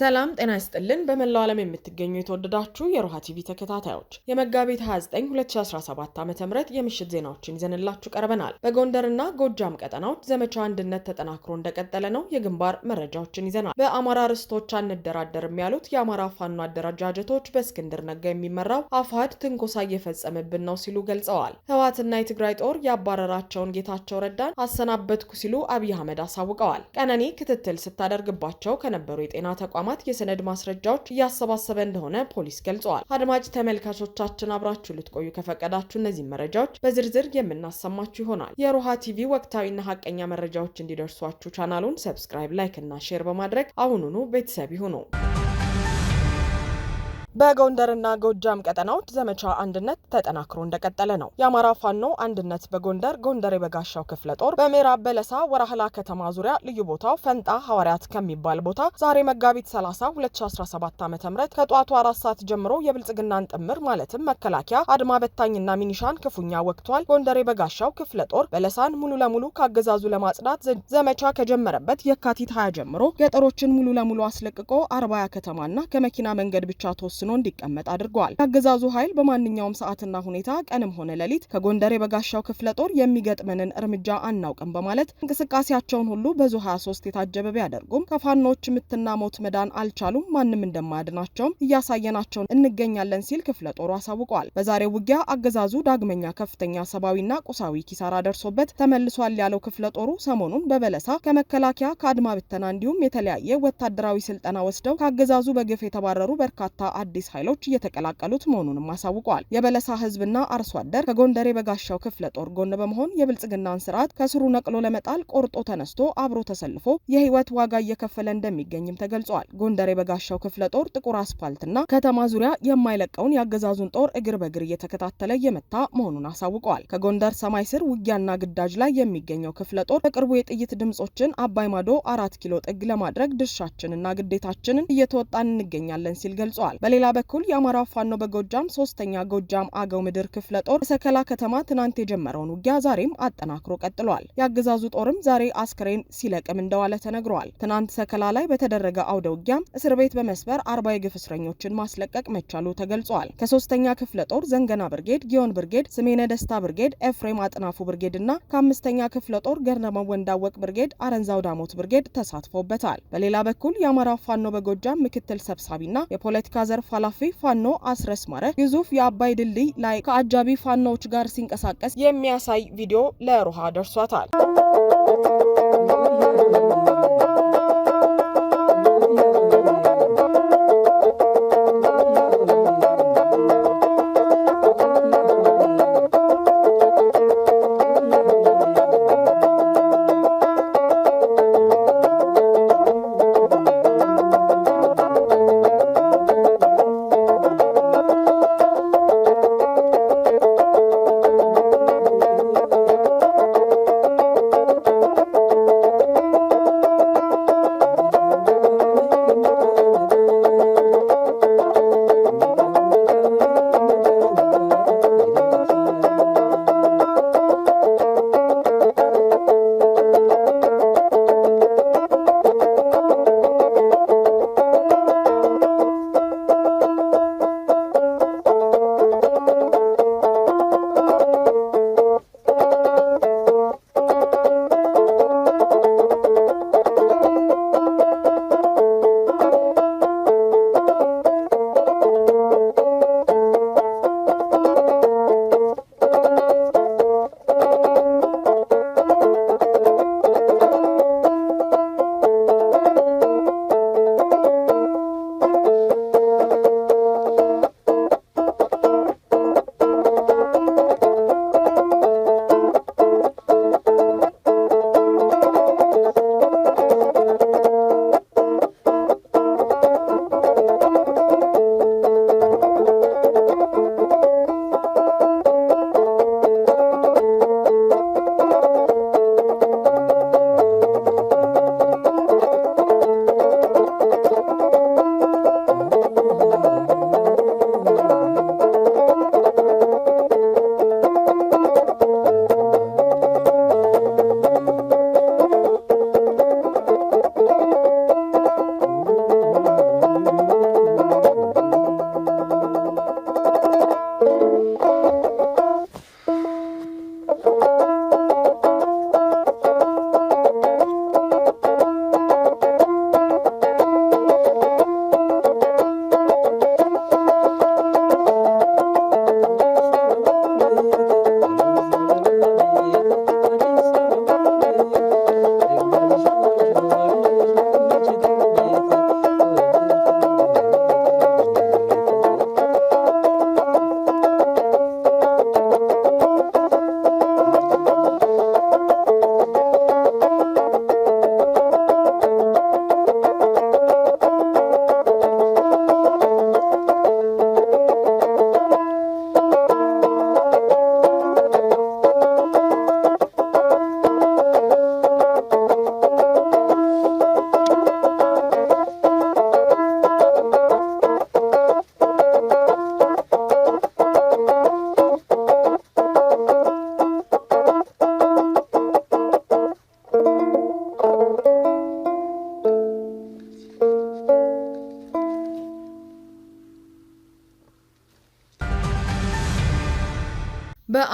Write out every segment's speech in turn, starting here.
ሰላም ጤና ይስጥልን። በመላው ዓለም የምትገኙ የተወደዳችሁ የሮሃ ቲቪ ተከታታዮች የመጋቢት 29 2017 ዓ ም የምሽት ዜናዎችን ይዘንላችሁ ቀርበናል። በጎንደርና ጎጃም ቀጠናዎች ዘመቻ አንድነት ተጠናክሮ እንደቀጠለ ነው። የግንባር መረጃዎችን ይዘናል። በአማራ ርስቶች አንደራደርም ያሉት የአማራ ፋኖ አደረጃጀቶች በእስክንድር ነጋ የሚመራው አፋድ ትንኮሳ እየፈጸመብን ነው ሲሉ ገልጸዋል። ህወሓትና የትግራይ ጦር ያባረራቸውን ጌታቸው ረዳን አሰናበትኩ ሲሉ አብይ አህመድ አሳውቀዋል። ቀነኒ ክትትል ስታደርግባቸው ከነበሩ የጤና ተቋማት ተቋማት የሰነድ ማስረጃዎች እያሰባሰበ እንደሆነ ፖሊስ ገልጸዋል። አድማጭ ተመልካቾቻችን አብራችሁ ልትቆዩ ከፈቀዳችሁ እነዚህን መረጃዎች በዝርዝር የምናሰማችሁ ይሆናል። የሮሃ ቲቪ ወቅታዊና ሀቀኛ መረጃዎች እንዲደርሷችሁ ቻናሉን ሰብስክራይብ፣ ላይክ እና ሼር በማድረግ አሁኑኑ ቤተሰብ ይሁኑ። በጎንደርና ጎጃም ቀጠናዎች ዘመቻ አንድነት ተጠናክሮ እንደቀጠለ ነው። የአማራ ፋኖ አንድነት በጎንደር ጎንደር የበጋሻው ክፍለ ጦር በምዕራብ በለሳ ወራህላ ከተማ ዙሪያ ልዩ ቦታው ፈንጣ ሐዋርያት ከሚባል ቦታ ዛሬ መጋቢት 30 2017 ዓ ም ከጠዋቱ አራት ሰዓት ጀምሮ የብልጽግናን ጥምር ማለትም መከላከያ አድማ በታኝና ሚኒሻን ክፉኛ ወቅቷል። ጎንደር የበጋሻው ክፍለ ጦር በለሳን ሙሉ ለሙሉ ካገዛዙ ለማጽዳት ዘመቻ ከጀመረበት የካቲት 20 ጀምሮ ገጠሮችን ሙሉ ለሙሉ አስለቅቆ አርባያ ከተማና ከመኪና መንገድ ብቻ ተወስ ወስኖ እንዲቀመጥ አድርጓል። የአገዛዙ ኃይል በማንኛውም ሰዓትና ሁኔታ ቀንም ሆነ ሌሊት ከጎንደር የበጋሻው ክፍለ ጦር የሚገጥመንን እርምጃ አናውቅም በማለት እንቅስቃሴያቸውን ሁሉ በዙ 23 የታጀበ ቢያደርጉም ከፋኖች ምትና ሞት መዳን አልቻሉም። ማንም እንደማያድናቸውም እያሳየናቸው እንገኛለን ሲል ክፍለ ጦሩ አሳውቋል። በዛሬው ውጊያ አገዛዙ ዳግመኛ ከፍተኛ ሰብአዊና ቁሳዊ ኪሳራ ደርሶበት ተመልሷል ያለው ክፍለ ጦሩ ሰሞኑን በበለሳ ከመከላከያ ከአድማ ብተና እንዲሁም የተለያየ ወታደራዊ ስልጠና ወስደው ከአገዛዙ በግፍ የተባረሩ በርካታ አዳዲስ ኃይሎች እየተቀላቀሉት መሆኑንም አሳውቀዋል። የበለሳ ህዝብና አርሶ አደር ከጎንደሬ በጋሻው ክፍለ ጦር ጎን በመሆን የብልጽግናን ስርዓት ከስሩ ነቅሎ ለመጣል ቆርጦ ተነስቶ አብሮ ተሰልፎ የህይወት ዋጋ እየከፈለ እንደሚገኝም ተገልጿል። ጎንደሬ በጋሻው ክፍለ ጦር ጥቁር አስፋልትና ከተማ ዙሪያ የማይለቀውን የአገዛዙን ጦር እግር በእግር እየተከታተለ የመታ መሆኑን አሳውቀዋል። ከጎንደር ሰማይ ስር ውጊያና ግዳጅ ላይ የሚገኘው ክፍለ ጦር በቅርቡ የጥይት ድምጾችን አባይ ማዶ አራት ኪሎ ጥግ ለማድረግ ድርሻችንና ግዴታችንን እየተወጣን እንገኛለን ሲል ገልጿል። በሌላ በኩል የአማራ ፋኖ በጎጃም ሶስተኛ ጎጃም አገው ምድር ክፍለ ጦር ሰከላ ከተማ ትናንት የጀመረውን ውጊያ ዛሬም አጠናክሮ ቀጥሏል። የአገዛዙ ጦርም ዛሬ አስክሬን ሲለቅም እንደዋለ ተነግሯል። ትናንት ሰከላ ላይ በተደረገ አውደ ውጊያም እስር ቤት በመስበር አርባ የግፍ እስረኞችን ማስለቀቅ መቻሉ ተገልጿል። ከሶስተኛ ክፍለ ጦር ዘንገና ብርጌድ፣ ጊዮን ብርጌድ፣ ስሜነ ደስታ ብርጌድ፣ ኤፍሬም አጥናፉ ብርጌድ እና ከአምስተኛ ክፍለ ጦር ገርነመ ወንዳወቅ ብርጌድ፣ አረንዛው ዳሞት ብርጌድ ተሳትፎበታል። በሌላ በኩል የአማራ ፋኖ በጎጃም ምክትል ሰብሳቢና የፖለቲካ ዘርፍ ኃላፊ ፋኖ አስረስ ማረ ግዙፍ የአባይ ድልድይ ላይ ከአጃቢ ፋኖዎች ጋር ሲንቀሳቀስ የሚያሳይ ቪዲዮ ለሮሃ ደርሷታል።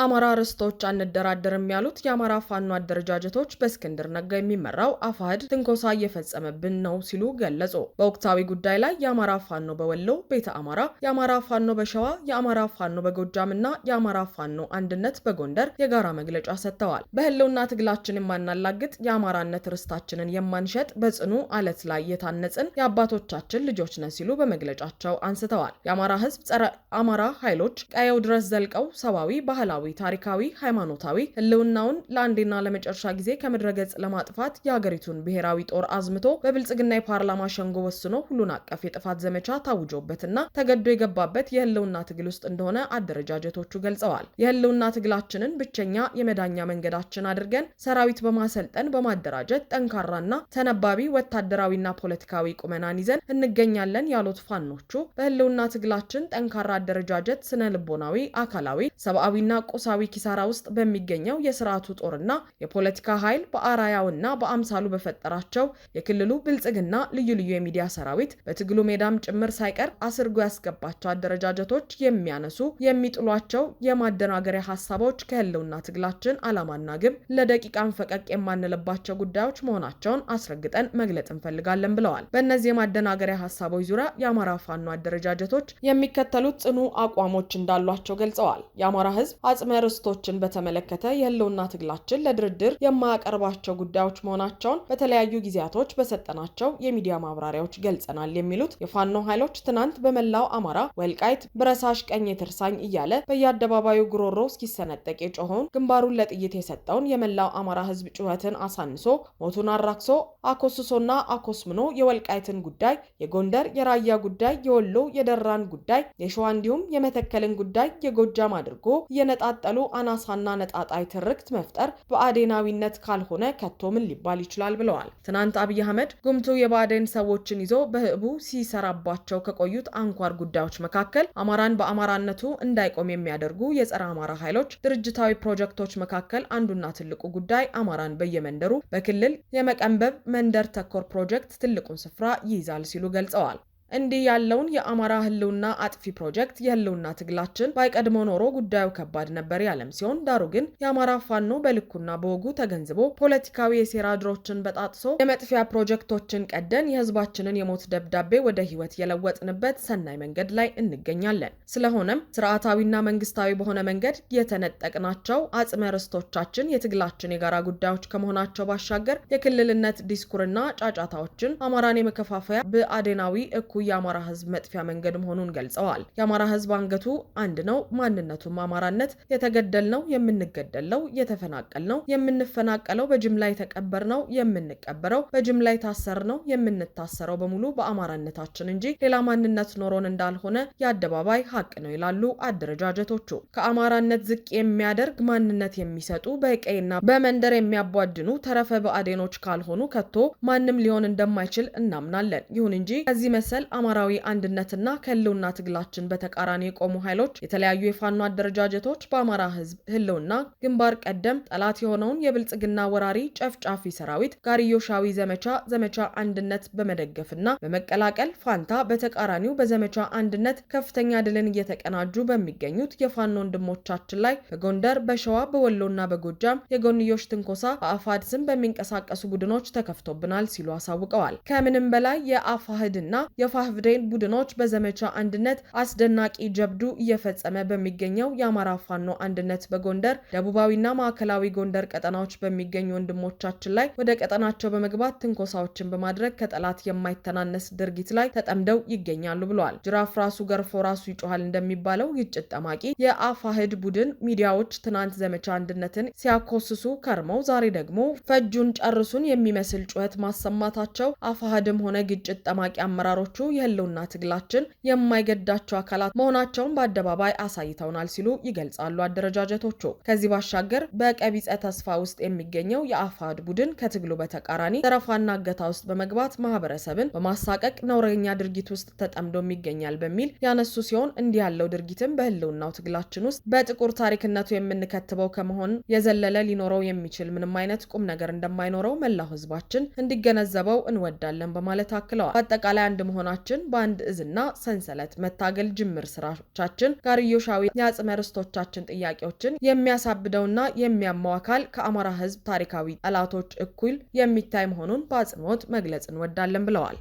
በአማራ ርስቶች አንደራደርም ያሉት የአማራ ፋኖ አደረጃጀቶች በእስክንድር ነጋ የሚመራው አፋህድ ትንኮሳ እየፈጸመብን ነው ሲሉ ገለጹ። በወቅታዊ ጉዳይ ላይ የአማራ ፋኖ በወሎ ቤተ አማራ፣ የአማራ ፋኖ በሸዋ፣ የአማራ ፋኖ በጎጃም እና የአማራ ፋኖ አንድነት በጎንደር የጋራ መግለጫ ሰጥተዋል። በህልውና ትግላችን የማናላግጥ የአማራነት ርስታችንን የማንሸጥ በጽኑ አለት ላይ የታነጽን የአባቶቻችን ልጆች ነን ሲሉ በመግለጫቸው አንስተዋል። የአማራ ህዝብ ጸረ አማራ ኃይሎች ቀየው ድረስ ዘልቀው ሰብአዊ፣ ባህላዊ ታሪካዊ፣ ሃይማኖታዊ ህልውናውን ለአንዴና ለመጨረሻ ጊዜ ከምድረ ገጽ ለማጥፋት የሀገሪቱን ብሔራዊ ጦር አዝምቶ በብልጽግና የፓርላማ ሸንጎ ወስኖ ሁሉን አቀፍ የጥፋት ዘመቻ ታውጆበትና ተገዶ የገባበት የህልውና ትግል ውስጥ እንደሆነ አደረጃጀቶቹ ገልጸዋል። የህልውና ትግላችንን ብቸኛ የመዳኛ መንገዳችን አድርገን ሰራዊት በማሰልጠን በማደራጀት ጠንካራና ተነባቢ ወታደራዊና ፖለቲካዊ ቁመናን ይዘን እንገኛለን ያሉት ፋኖቹ በህልውና ትግላችን ጠንካራ አደረጃጀት ስነ ልቦናዊ፣ አካላዊ፣ ሰብአዊና ቁስ ቁሳዊ ኪሳራ ውስጥ በሚገኘው የስርዓቱ ጦርና የፖለቲካ ኃይል በአራያውና በአምሳሉ በፈጠራቸው የክልሉ ብልጽግና ልዩ ልዩ የሚዲያ ሰራዊት በትግሉ ሜዳም ጭምር ሳይቀር አስርጎ ያስገባቸው አደረጃጀቶች የሚያነሱ የሚጥሏቸው የማደናገሪያ ሀሳቦች ከህልውና ትግላችን አላማና ግብ ለደቂቃን ፈቀቅ የማንልባቸው ጉዳዮች መሆናቸውን አስረግጠን መግለጽ እንፈልጋለን ብለዋል። በእነዚህ የማደናገሪያ ሀሳቦች ዙሪያ የአማራ ፋኖ አደረጃጀቶች የሚከተሉት ጽኑ አቋሞች እንዳሏቸው ገልጸዋል። የአማራ ህዝብ የመጥሚያ ርዕስቶችን በተመለከተ የህልውና ትግላችን ለድርድር የማያቀርባቸው ጉዳዮች መሆናቸውን በተለያዩ ጊዜያቶች በሰጠናቸው የሚዲያ ማብራሪያዎች ገልጸናል የሚሉት የፋኖ ኃይሎች ትናንት በመላው አማራ ወልቃይት ብረሳሽ ቀኝ ትርሳኝ እያለ በየአደባባዩ ጉሮሮ እስኪሰነጠቅ የጮኸውን ግንባሩን ለጥይት የሰጠውን የመላው አማራ ህዝብ ጩኸትን አሳንሶ ሞቱን አራክሶ አኮስሶና አኮስምኖ የወልቃይትን ጉዳይ፣ የጎንደር የራያ ጉዳይ፣ የወሎ የደራን ጉዳይ፣ የሸዋ እንዲሁም የመተከልን ጉዳይ የጎጃም አድርጎ እየነጣ የተነጣጠሉ አናሳና ነጣጣይ ትርክት መፍጠር በአዴናዊነት ካልሆነ ከቶ ምን ሊባል ይችላል ብለዋል። ትናንት አብይ አህመድ ጉምቱ የባዴን ሰዎችን ይዞ በህቡ ሲሰራባቸው ከቆዩት አንኳር ጉዳዮች መካከል አማራን በአማራነቱ እንዳይቆም የሚያደርጉ የጸረ አማራ ኃይሎች ድርጅታዊ ፕሮጀክቶች መካከል አንዱና ትልቁ ጉዳይ አማራን በየመንደሩ በክልል የመቀንበብ መንደር ተኮር ፕሮጀክት ትልቁን ስፍራ ይይዛል ሲሉ ገልጸዋል። እንዲህ ያለውን የአማራ ህልውና አጥፊ ፕሮጀክት የህልውና ትግላችን ባይቀድሞ ኖሮ ጉዳዩ ከባድ ነበር ያለም ሲሆን ዳሩ ግን የአማራ ፋኖ በልኩና በወጉ ተገንዝቦ ፖለቲካዊ የሴራ ድሮችን በጣጥሶ የመጥፊያ ፕሮጀክቶችን ቀደን የህዝባችንን የሞት ደብዳቤ ወደ ህይወት የለወጥንበት ሰናይ መንገድ ላይ እንገኛለን። ስለሆነም ስርዓታዊና መንግስታዊ በሆነ መንገድ የተነጠቅናቸው አጽመ ርስቶቻችን የትግላችን የጋራ ጉዳዮች ከመሆናቸው ባሻገር የክልልነት ዲስኩርና ጫጫታዎችን አማራን የመከፋፈያ ብአዴናዊ እኩ የአማራ ህዝብ መጥፊያ መንገድ መሆኑን ገልጸዋል። የአማራ ህዝብ አንገቱ አንድ ነው፣ ማንነቱም አማራነት። የተገደል ነው የምንገደል ነው፣ የተፈናቀል ነው የምንፈናቀለው፣ በጅምላ የተቀበር ነው የምንቀበረው፣ በጅምላ የታሰር ነው የምንታሰረው በሙሉ በአማራነታችን እንጂ ሌላ ማንነት ኖሮን እንዳልሆነ የአደባባይ ሀቅ ነው ይላሉ አደረጃጀቶቹ። ከአማራነት ዝቅ የሚያደርግ ማንነት የሚሰጡ በቀይና በመንደር የሚያቧድኑ ተረፈ ብአዴኖች ካልሆኑ ከቶ ማንም ሊሆን እንደማይችል እናምናለን። ይሁን እንጂ ከዚህ መሰል አማራዊ አንድነትና ከህልውና ትግላችን በተቃራኒ የቆሙ ኃይሎች የተለያዩ የፋኖ አደረጃጀቶች በአማራ ህዝብ ህልውና ግንባር ቀደም ጠላት የሆነውን የብልጽግና ወራሪ ጨፍጫፊ ሰራዊት ጋርዮሻዊ ዘመቻ ዘመቻ አንድነት በመደገፍና በመቀላቀል ፋንታ በተቃራኒው በዘመቻ አንድነት ከፍተኛ ድልን እየተቀናጁ በሚገኙት የፋኖ ወንድሞቻችን ላይ በጎንደር፣ በሸዋ፣ በወሎና በጎጃም የጎንዮሽ ትንኮሳ በአፋድ ስም በሚንቀሳቀሱ ቡድኖች ተከፍቶብናል ሲሉ አሳውቀዋል። ከምንም በላይ የአፋህድና የፋ የፋህብሬን ቡድኖች በዘመቻ አንድነት አስደናቂ ጀብዱ እየፈጸመ በሚገኘው የአማራ ፋኖ አንድነት በጎንደር ደቡባዊና ማዕከላዊ ጎንደር ቀጠናዎች በሚገኙ ወንድሞቻችን ላይ ወደ ቀጠናቸው በመግባት ትንኮሳዎችን በማድረግ ከጠላት የማይተናነስ ድርጊት ላይ ተጠምደው ይገኛሉ ብለዋል። ጅራፍ ራሱ ገርፎ ራሱ ይጮሃል እንደሚባለው ግጭት ጠማቂ የአፋህድ ቡድን ሚዲያዎች ትናንት ዘመቻ አንድነትን ሲያኮስሱ ከርመው ዛሬ ደግሞ ፈጁን ጨርሱን የሚመስል ጩኸት ማሰማታቸው አፋህድም ሆነ ግጭት ጠማቂ አመራሮቹ የህልውና ትግላችን የማይገዳቸው አካላት መሆናቸውን በአደባባይ አሳይተውናል ሲሉ ይገልጻሉ አደረጃጀቶቹ። ከዚህ ባሻገር በቀቢጸ ተስፋ ውስጥ የሚገኘው የአፋድ ቡድን ከትግሉ በተቃራኒ ዘረፋና እገታ ውስጥ በመግባት ማህበረሰብን በማሳቀቅ ነውረኛ ድርጊት ውስጥ ተጠምዶም ይገኛል በሚል ያነሱ ሲሆን እንዲህ ያለው ድርጊትም በህልውናው ትግላችን ውስጥ በጥቁር ታሪክነቱ የምንከትበው ከመሆን የዘለለ ሊኖረው የሚችል ምንም አይነት ቁም ነገር እንደማይኖረው መላው ህዝባችን እንዲገነዘበው እንወዳለን በማለት አክለዋል። በአጠቃላይ አንድ መሆናቸው ስራችን በአንድ እዝና ሰንሰለት መታገል ጅምር ስራቻችን ጋርዮሻዊ የአጽመ ርስቶቻችን ጥያቄዎችን የሚያሳብደውና የሚያማው አካል ከአማራ ህዝብ ታሪካዊ ጠላቶች እኩል የሚታይ መሆኑን በአጽንኦት መግለጽ እንወዳለን ብለዋል።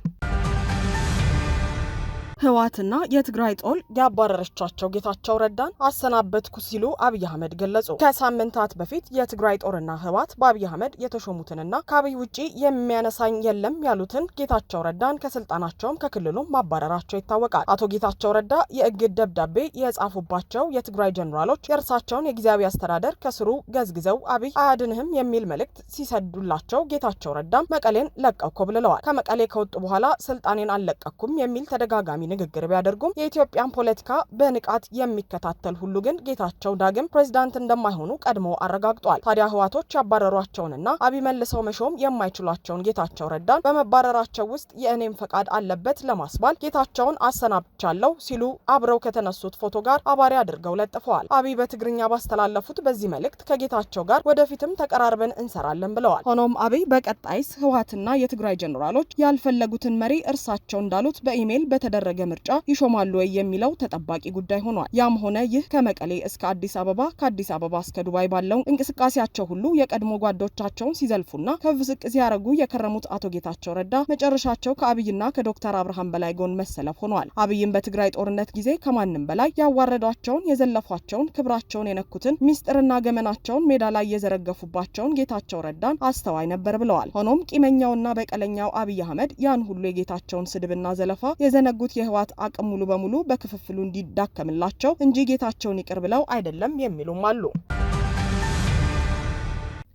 ህወሓትና የትግራይ ጦል ያባረረቻቸው ጌታቸው ረዳን አሰናበትኩ ሲሉ አብይ አህመድ ገለጹ። ከሳምንታት በፊት የትግራይ ጦርና ህወሓት በአብይ አህመድ የተሾሙትንና ከአብይ ውጪ የሚያነሳኝ የለም ያሉትን ጌታቸው ረዳን ከስልጣናቸውም ከክልሉም ማባረራቸው ይታወቃል። አቶ ጌታቸው ረዳ የእግድ ደብዳቤ የጻፉባቸው የትግራይ ጀኔራሎች የእርሳቸውን የጊዜያዊ አስተዳደር ከስሩ ገዝግዘው አብይ አያድንህም የሚል መልእክት ሲሰዱላቸው ጌታቸው ረዳም መቀሌን ለቀኮ ኮብልለዋል። ከመቀሌ ከወጡ በኋላ ስልጣኔን አልለቀኩም የሚል ተደጋጋሚ ንግግር ቢያደርጉም የኢትዮጵያን ፖለቲካ በንቃት የሚከታተል ሁሉ ግን ጌታቸው ዳግም ፕሬዚዳንት እንደማይሆኑ ቀድሞ አረጋግጧል። ታዲያ ህዋቶች ያባረሯቸውንና አብይ መልሰው መሾም የማይችሏቸውን ጌታቸው ረዳን በመባረራቸው ውስጥ የእኔም ፈቃድ አለበት ለማስባል ጌታቸውን አሰናብቻለሁ ሲሉ አብረው ከተነሱት ፎቶ ጋር አባሪ አድርገው ለጥፈዋል። አብይ በትግርኛ ባስተላለፉት በዚህ መልእክት ከጌታቸው ጋር ወደፊትም ተቀራርበን እንሰራለን ብለዋል። ሆኖም አብይ በቀጣይስ ህወሓትና የትግራይ ጀኔራሎች ያልፈለጉትን መሪ እርሳቸው እንዳሉት በኢሜይል በተደረገ በተደረገ ምርጫ ይሾማሉ ወይ የሚለው ተጠባቂ ጉዳይ ሆኗል። ያም ሆነ ይህ ከመቀሌ እስከ አዲስ አበባ ከአዲስ አበባ እስከ ዱባይ ባለው እንቅስቃሴያቸው ሁሉ የቀድሞ ጓዶቻቸውን ሲዘልፉና ከፍ ዝቅ ሲያደርጉ የከረሙት አቶ ጌታቸው ረዳ መጨረሻቸው ከአብይና ከዶክተር አብርሃም በላይ ጎን መሰለፍ ሆኗል። አብይም በትግራይ ጦርነት ጊዜ ከማንም በላይ ያዋረዷቸውን፣ የዘለፏቸውን፣ ክብራቸውን የነኩትን ሚስጥርና ገመናቸውን ሜዳ ላይ የዘረገፉባቸውን ጌታቸው ረዳን አስተዋይ ነበር ብለዋል። ሆኖም ቂመኛውና በቀለኛው አብይ አህመድ ያን ሁሉ የጌታቸውን ስድብና ዘለፋ የዘነጉት የ የህወሓት አቅም ሙሉ በሙሉ በክፍፍሉ እንዲዳከምላቸው እንጂ ጌታቸውን ይቅር ብለው አይደለም የሚሉም አሉ።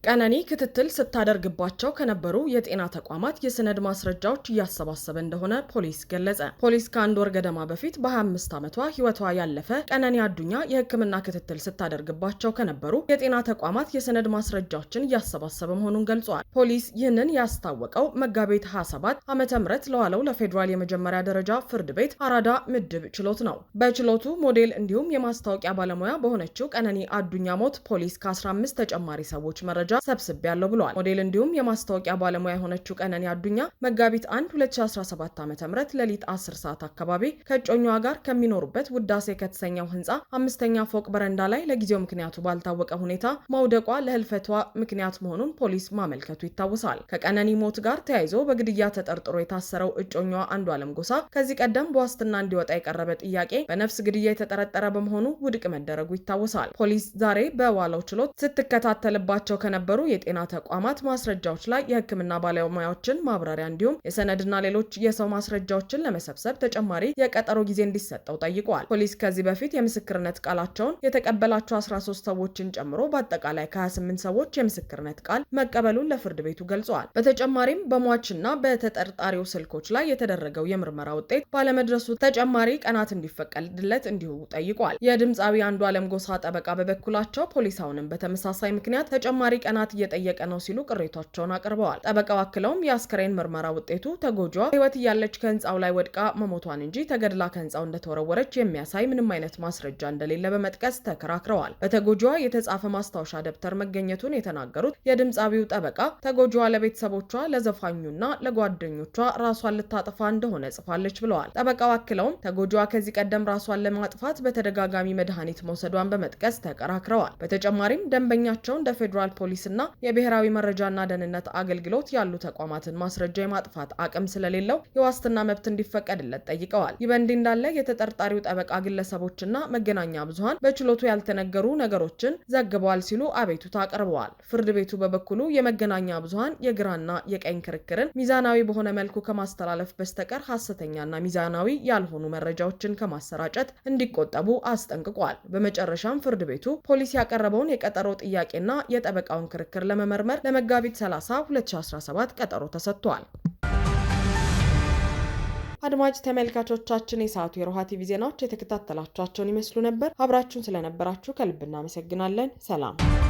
ቀነኒ ክትትል ስታደርግባቸው ከነበሩ የጤና ተቋማት የሰነድ ማስረጃዎች እያሰባሰበ እንደሆነ ፖሊስ ገለጸ። ፖሊስ ከአንድ ወር ገደማ በፊት በ25 ዓመቷ ሕይወቷ ያለፈ ቀነኒ አዱኛ የሕክምና ክትትል ስታደርግባቸው ከነበሩ የጤና ተቋማት የሰነድ ማስረጃዎችን እያሰባሰበ መሆኑን ገልጿል። ፖሊስ ይህንን ያስታወቀው መጋቢት 27 ዓመተ ምህረት ለዋለው ለፌዴራል የመጀመሪያ ደረጃ ፍርድ ቤት አራዳ ምድብ ችሎት ነው። በችሎቱ ሞዴል እንዲሁም የማስታወቂያ ባለሙያ በሆነችው ቀነኒ አዱኛ ሞት ፖሊስ ከ15 ተጨማሪ ሰዎች መረጃ መረጃ ያለው ብለዋል። ሞዴል እንዲሁም የማስታወቂያ ባለሙያ የሆነችው ቀነኒ አዱኛ መጋቢት 1 2017 ዓ ም ሌሊት 10 ሰዓት አካባቢ ከእጮኛዋ ጋር ከሚኖሩበት ውዳሴ ከተሰኘው ህንፃ አምስተኛ ፎቅ በረንዳ ላይ ለጊዜው ምክንያቱ ባልታወቀ ሁኔታ መውደቋ ለህልፈቷ ምክንያት መሆኑን ፖሊስ ማመልከቱ ይታወሳል። ከቀነኒ ሞት ጋር ተያይዞ በግድያ ተጠርጥሮ የታሰረው እጮኛዋ አንዱ አለም ጎሳ ከዚህ ቀደም በዋስትና እንዲወጣ የቀረበ ጥያቄ በነፍስ ግድያ የተጠረጠረ በመሆኑ ውድቅ መደረጉ ይታወሳል። ፖሊስ ዛሬ በዋለው ችሎት ስትከታተልባቸው ከነበ በነበሩ የጤና ተቋማት ማስረጃዎች ላይ የህክምና ባለሙያዎችን ማብራሪያ እንዲሁም የሰነድና ሌሎች የሰው ማስረጃዎችን ለመሰብሰብ ተጨማሪ የቀጠሮ ጊዜ እንዲሰጠው ጠይቋል። ፖሊስ ከዚህ በፊት የምስክርነት ቃላቸውን የተቀበላቸው 13 ሰዎችን ጨምሮ በአጠቃላይ ከ28 ሰዎች የምስክርነት ቃል መቀበሉን ለፍርድ ቤቱ ገልጿል። በተጨማሪም በሟችና በተጠርጣሪው ስልኮች ላይ የተደረገው የምርመራ ውጤት ባለመድረሱ ተጨማሪ ቀናት እንዲፈቀድለት እንዲሁ ጠይቋል። የድምፃዊ አንዱ አለም ጎሳ ጠበቃ በበኩላቸው ፖሊስ አሁንም በተመሳሳይ ምክንያት ተጨማሪ ቀናት እየጠየቀ ነው ሲሉ ቅሬታቸውን አቅርበዋል። ጠበቃው አክለውም የአስከሬን ምርመራ ውጤቱ ተጎጂዋ ሕይወት እያለች ከህንፃው ላይ ወድቃ መሞቷን እንጂ ተገድላ ከህንፃው እንደተወረወረች የሚያሳይ ምንም አይነት ማስረጃ እንደሌለ በመጥቀስ ተከራክረዋል። በተጎጂዋ የተጻፈ ማስታወሻ ደብተር መገኘቱን የተናገሩት የድምፃዊው ጠበቃ ተጎጂዋ ለቤተሰቦቿ ለዘፋኙና ለጓደኞቿ ራሷን ልታጠፋ እንደሆነ ጽፋለች ብለዋል። ጠበቃው አክለውም ተጎጂዋ ከዚህ ቀደም ራሷን ለማጥፋት በተደጋጋሚ መድኃኒት መውሰዷን በመጥቀስ ተከራክረዋል። በተጨማሪም ደንበኛቸውን ደፌዴራል ፖሊስ ፖሊስና የብሔራዊ መረጃና ደህንነት አገልግሎት ያሉ ተቋማትን ማስረጃ የማጥፋት አቅም ስለሌለው የዋስትና መብት እንዲፈቀድለት ጠይቀዋል። ይህ በእንዲህ እንዳለ የተጠርጣሪው ጠበቃ ግለሰቦችና መገናኛ ብዙኃን በችሎቱ ያልተነገሩ ነገሮችን ዘግበዋል ሲሉ አቤቱታ አቅርበዋል። ፍርድ ቤቱ በበኩሉ የመገናኛ ብዙሀን የግራና የቀኝ ክርክርን ሚዛናዊ በሆነ መልኩ ከማስተላለፍ በስተቀር ሀሰተኛና ሚዛናዊ ያልሆኑ መረጃዎችን ከማሰራጨት እንዲቆጠቡ አስጠንቅቋል። በመጨረሻም ፍርድ ቤቱ ፖሊስ ያቀረበውን የቀጠሮ ጥያቄና የጠበቃውን የተነሳውን ክርክር ለመመርመር ለመጋቢት 30 2017 ቀጠሮ ተሰጥቷል። አድማጭ ተመልካቾቻችን የሰዓቱ የሮሃ ቲቪ ዜናዎች የተከታተላችኋቸውን ይመስሉ ነበር። አብራችሁን ስለነበራችሁ ከልብ እናመሰግናለን። ሰላም